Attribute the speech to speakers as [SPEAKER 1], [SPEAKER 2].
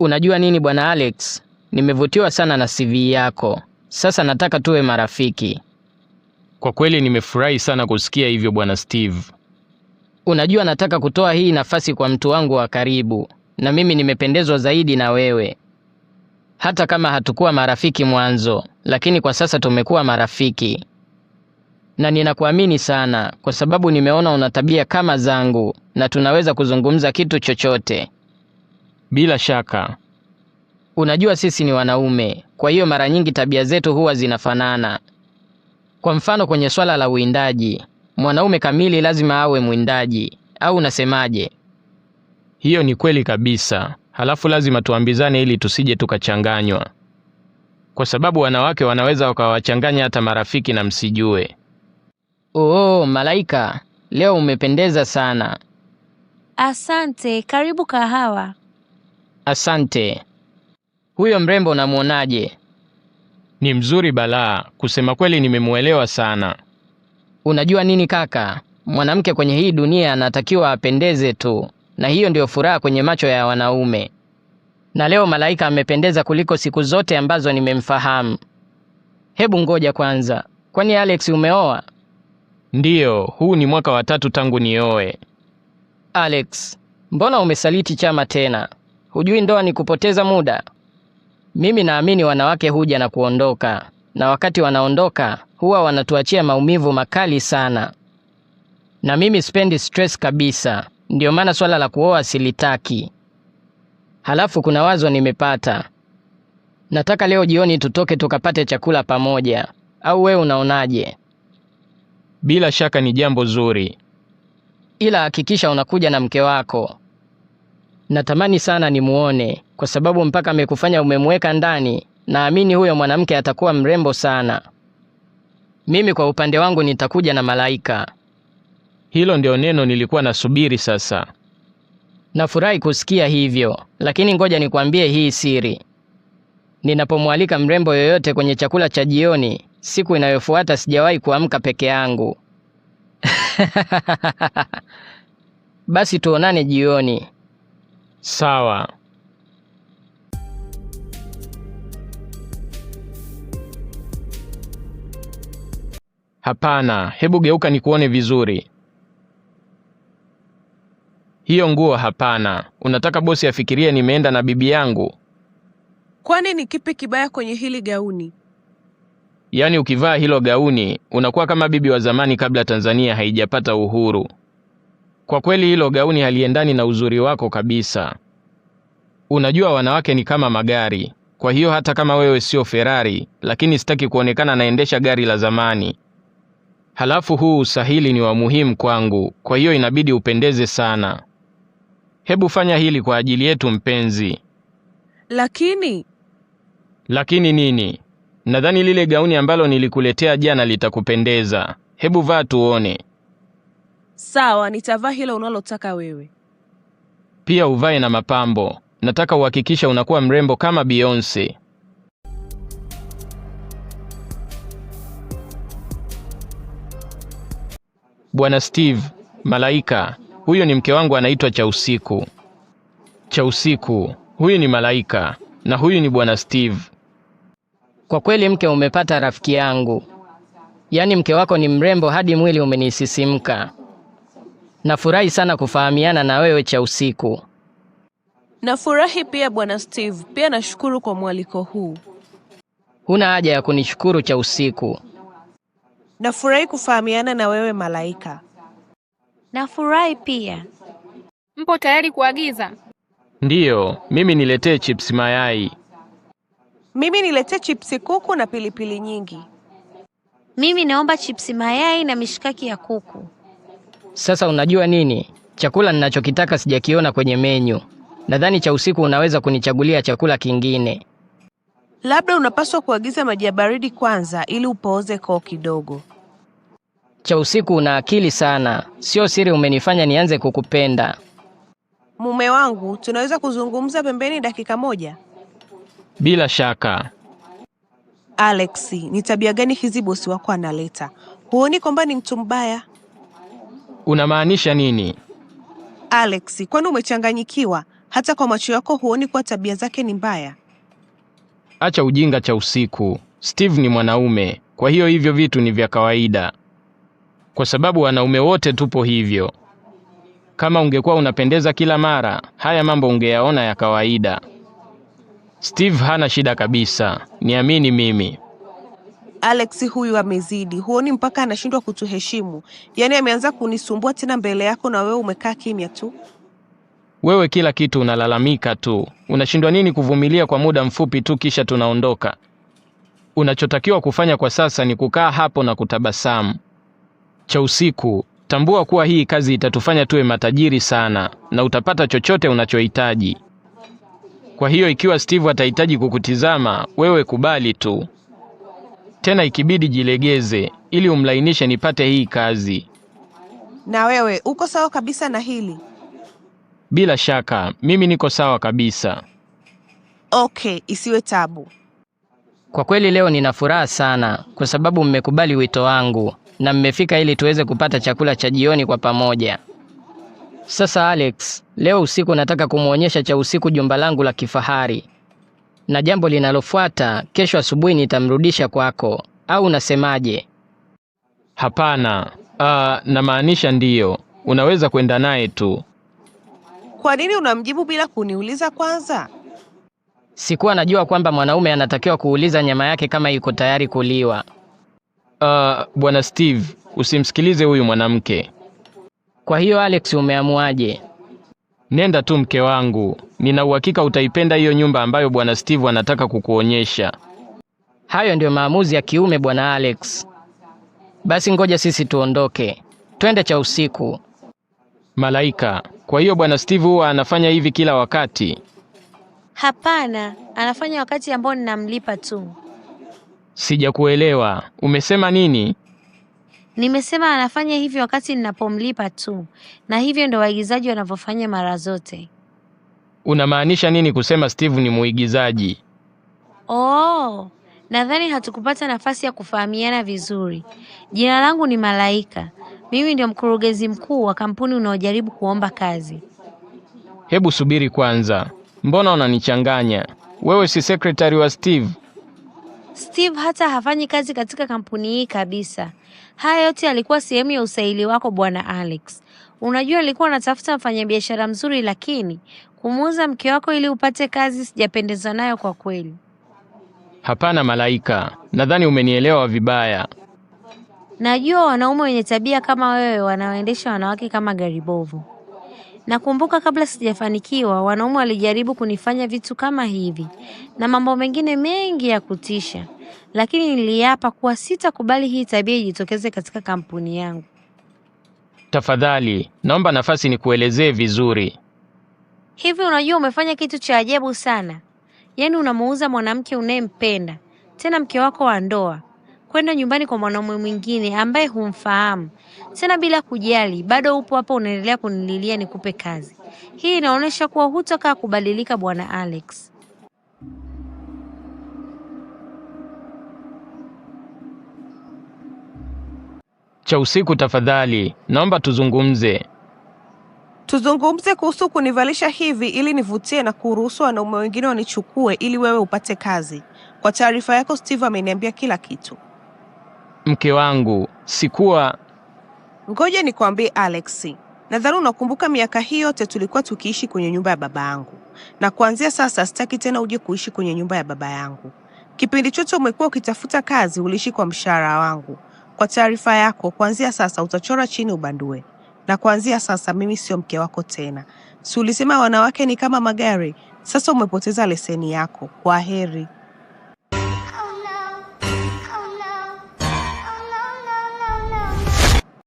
[SPEAKER 1] Unajua nini bwana Alex, nimevutiwa sana na CV yako, sasa nataka tuwe marafiki.
[SPEAKER 2] Kwa kweli nimefurahi sana kusikia hivyo bwana Steve.
[SPEAKER 1] Unajua nataka kutoa hii nafasi kwa mtu wangu wa karibu, na mimi nimependezwa zaidi na wewe, hata kama hatukuwa marafiki mwanzo, lakini kwa sasa tumekuwa marafiki na ninakuamini sana kwa sababu nimeona una tabia kama zangu na tunaweza kuzungumza kitu chochote.
[SPEAKER 2] Bila shaka.
[SPEAKER 1] Unajua sisi ni wanaume, kwa hiyo mara nyingi tabia zetu huwa zinafanana. Kwa mfano, kwenye swala la uwindaji, mwanaume kamili lazima awe mwindaji, au unasemaje?
[SPEAKER 2] Hiyo ni kweli kabisa. Halafu lazima tuambizane ili tusije tukachanganywa, kwa sababu wanawake wanaweza wakawachanganya hata marafiki na msijue.
[SPEAKER 1] Oo, Malaika, leo umependeza sana.
[SPEAKER 3] Asante. Karibu kahawa.
[SPEAKER 1] Asante. Huyo mrembo unamwonaje?
[SPEAKER 2] Ni mzuri balaa, kusema kweli nimemuelewa sana.
[SPEAKER 1] Unajua nini kaka, mwanamke kwenye hii dunia anatakiwa apendeze tu, na hiyo ndiyo furaha kwenye macho ya wanaume. Na leo Malaika amependeza kuliko siku zote ambazo nimemfahamu. Hebu ngoja kwanza, kwani Alex umeoa?
[SPEAKER 2] Ndiyo, huu ni mwaka wa tatu tangu nioe.
[SPEAKER 1] Alex, mbona umesaliti chama tena? Hujui ndoa ni kupoteza muda? Mimi naamini wanawake huja na kuondoka, na wakati wanaondoka huwa wanatuachia maumivu makali sana, na mimi sipendi stress kabisa. Ndiyo maana swala la kuoa silitaki. Halafu kuna wazo nimepata, nataka leo jioni tutoke tukapate chakula pamoja, au wewe unaonaje?
[SPEAKER 2] Bila shaka ni jambo zuri,
[SPEAKER 1] ila hakikisha unakuja na mke wako. Natamani sana nimuone, kwa sababu mpaka amekufanya umemweka ndani. Naamini huyo mwanamke atakuwa mrembo sana. Mimi kwa upande wangu nitakuja na Malaika.
[SPEAKER 2] Hilo ndio neno nilikuwa nasubiri sasa.
[SPEAKER 1] Nafurahi kusikia hivyo, lakini ngoja nikwambie hii siri. Ninapomwalika mrembo yoyote kwenye chakula cha jioni, siku inayofuata sijawahi kuamka peke yangu. Basi tuonane jioni.
[SPEAKER 2] Sawa. Hapana, hebu geuka nikuone vizuri. Hiyo nguo hapana. Unataka bosi afikirie nimeenda na bibi yangu?
[SPEAKER 4] Kwani ni kipi kibaya kwenye hili gauni?
[SPEAKER 2] Yaani ukivaa hilo gauni unakuwa kama bibi wa zamani kabla Tanzania haijapata uhuru. Kwa kweli hilo gauni haliendani na uzuri wako kabisa. Unajua wanawake ni kama magari, kwa hiyo hata kama wewe sio Ferrari, lakini sitaki kuonekana naendesha gari la zamani. Halafu huu usahili ni wa muhimu kwangu, kwa hiyo inabidi upendeze sana. Hebu fanya hili kwa ajili yetu mpenzi.
[SPEAKER 4] Lakini
[SPEAKER 2] lakini nini? Nadhani lile gauni ambalo nilikuletea jana litakupendeza. Hebu vaa tuone.
[SPEAKER 4] Sawa, nitavaa hilo unalotaka wewe.
[SPEAKER 2] Pia uvae na mapambo. Nataka uhakikisha unakuwa mrembo kama Beyonce. Bwana Steve, Malaika, huyo ni mke wangu anaitwa Chausiku. Chausiku, huyu ni Malaika na huyu ni Bwana Steve.
[SPEAKER 1] Kwa kweli mke umepata rafiki yangu. Yaani mke wako ni mrembo hadi mwili umenisisimka. Nafurahi sana kufahamiana na wewe cha usiku.
[SPEAKER 4] Nafurahi pia bwana Steve, pia nashukuru kwa mwaliko huu.
[SPEAKER 1] Huna haja ya kunishukuru cha usiku.
[SPEAKER 4] Nafurahi kufahamiana na wewe Malaika.
[SPEAKER 3] Nafurahi pia.
[SPEAKER 4] Mpo tayari kuagiza?
[SPEAKER 2] Ndiyo, mimi niletee chipsi mayai.
[SPEAKER 4] Mimi niletee chipsi kuku na pilipili nyingi.
[SPEAKER 3] Mimi naomba chipsi mayai na mishikaki ya kuku.
[SPEAKER 1] Sasa unajua nini? Chakula ninachokitaka sijakiona kwenye menyu. Nadhani cha usiku unaweza kunichagulia chakula kingine.
[SPEAKER 4] Labda unapaswa kuagiza maji ya baridi kwanza ili upooze koo kidogo.
[SPEAKER 1] Cha usiku una akili sana. Sio siri umenifanya nianze kukupenda.
[SPEAKER 4] Mume wangu, tunaweza kuzungumza pembeni dakika moja?
[SPEAKER 2] Bila shaka.
[SPEAKER 4] Alexi, ni tabia gani hizi bosi wako analeta? Huoni kwamba ni mtu mbaya?
[SPEAKER 2] unamaanisha nini?
[SPEAKER 4] Alex, kwani umechanganyikiwa? Hata kwa macho yako huoni kuwa tabia zake ni mbaya?
[SPEAKER 2] Acha ujinga cha usiku. Steve ni mwanaume, kwa hiyo hivyo vitu ni vya kawaida, kwa sababu wanaume wote tupo hivyo. Kama ungekuwa unapendeza kila mara, haya mambo ungeyaona ya kawaida. Steve hana shida kabisa, niamini mimi.
[SPEAKER 4] Alex huyu amezidi, huoni mpaka anashindwa kutuheshimu? Yaani ameanza kunisumbua tena mbele yako, na wewe umekaa kimya tu.
[SPEAKER 2] Wewe kila kitu unalalamika tu, unashindwa nini kuvumilia kwa muda mfupi tu, kisha tunaondoka. Unachotakiwa kufanya kwa sasa ni kukaa hapo na kutabasamu. Cha usiku, tambua kuwa hii kazi itatufanya tuwe matajiri sana, na utapata chochote unachohitaji. Kwa hiyo ikiwa Steve atahitaji kukutizama, wewe kubali tu tena ikibidi jilegeze ili umlainishe nipate hii kazi.
[SPEAKER 4] Na wewe uko sawa kabisa na hili?
[SPEAKER 2] Bila shaka mimi niko sawa kabisa.
[SPEAKER 4] Okay, isiwe tabu.
[SPEAKER 1] Kwa kweli leo nina furaha sana kwa sababu mmekubali wito wangu na mmefika ili tuweze kupata chakula cha jioni kwa pamoja. Sasa Alex, leo usiku nataka kumwonyesha cha usiku jumba langu la kifahari na jambo linalofuata kesho asubuhi nitamrudisha kwako, au unasemaje?
[SPEAKER 2] Hapana. Uh, namaanisha ndiyo, unaweza kwenda naye tu.
[SPEAKER 4] Kwa nini unamjibu bila kuniuliza kwanza?
[SPEAKER 1] Sikuwa najua kwamba mwanaume anatakiwa kuuliza nyama yake kama iko tayari kuliwa.
[SPEAKER 2] Uh, bwana Steve, usimsikilize huyu mwanamke.
[SPEAKER 1] Kwa hiyo Alex, umeamuaje?
[SPEAKER 2] Nenda tu mke wangu, nina uhakika utaipenda hiyo nyumba ambayo bwana Steve anataka kukuonyesha.
[SPEAKER 1] Hayo ndiyo maamuzi ya kiume bwana Alex. Basi ngoja sisi tuondoke, twende cha usiku.
[SPEAKER 2] Malaika, kwa hiyo bwana Steve huwa anafanya hivi kila wakati?
[SPEAKER 3] Hapana, anafanya wakati ambao ninamlipa tu.
[SPEAKER 2] Sijakuelewa, umesema nini?
[SPEAKER 3] Nimesema anafanya hivyo wakati ninapomlipa tu, na hivyo ndo waigizaji wanavyofanya mara zote.
[SPEAKER 2] Unamaanisha nini kusema Steve ni muigizaji?
[SPEAKER 3] Oh, nadhani hatukupata nafasi ya kufahamiana vizuri. Jina langu ni Malaika. Mimi ndio mkurugenzi mkuu wa kampuni unaojaribu kuomba kazi.
[SPEAKER 2] Hebu subiri kwanza, mbona unanichanganya? Wewe si sekretari wa Steve?
[SPEAKER 3] Steve hata hafanyi kazi katika kampuni hii kabisa. Haya yote yalikuwa sehemu ya usaili wako bwana Alex. Unajua alikuwa anatafuta mfanyabiashara mzuri, lakini kumuuza mke wako ili upate kazi, sijapendezwa nayo kwa kweli.
[SPEAKER 2] Hapana Malaika, nadhani umenielewa vibaya.
[SPEAKER 3] Najua wanaume wenye tabia kama wewe wanaoendesha wanawake kama gari bovu. Nakumbuka kabla sijafanikiwa, wanaume walijaribu kunifanya vitu kama hivi na mambo mengine mengi ya kutisha, lakini niliapa kuwa sitakubali hii tabia ijitokeze katika kampuni yangu.
[SPEAKER 2] Tafadhali naomba nafasi nikuelezee vizuri.
[SPEAKER 3] Hivi unajua, umefanya kitu cha ajabu sana. Yaani unamuuza mwanamke unayempenda, tena mke wako wa ndoa, kwenda nyumbani kwa mwanaume mwingine ambaye humfahamu tena, bila kujali, bado upo hapa, unaendelea kunililia nikupe kazi. Hii inaonyesha kuwa hutokaa kubadilika, bwana Alex.
[SPEAKER 2] cha usiku, tafadhali naomba tuzungumze.
[SPEAKER 4] Tuzungumze kuhusu kunivalisha hivi ili nivutie na kuruhusu wanaume wengine wanichukue ili wewe upate kazi. Kwa taarifa yako, Steve ameniambia kila kitu
[SPEAKER 2] mke wangu, sikuwa...
[SPEAKER 4] Ngoja nikwambie Alex, nadhani unakumbuka miaka hiyo yote tulikuwa tukiishi kwenye nyumba ya baba yangu, na kuanzia sasa sitaki tena uje kuishi kwenye nyumba ya baba yangu. Kipindi chote umekuwa ukitafuta kazi, uliishi kwa mshahara wangu. Kwa taarifa yako, kuanzia sasa utachora chini ubandue, na kuanzia sasa mimi sio mke wako tena. Si ulisema wanawake ni kama magari? Sasa umepoteza leseni yako. Kwa heri.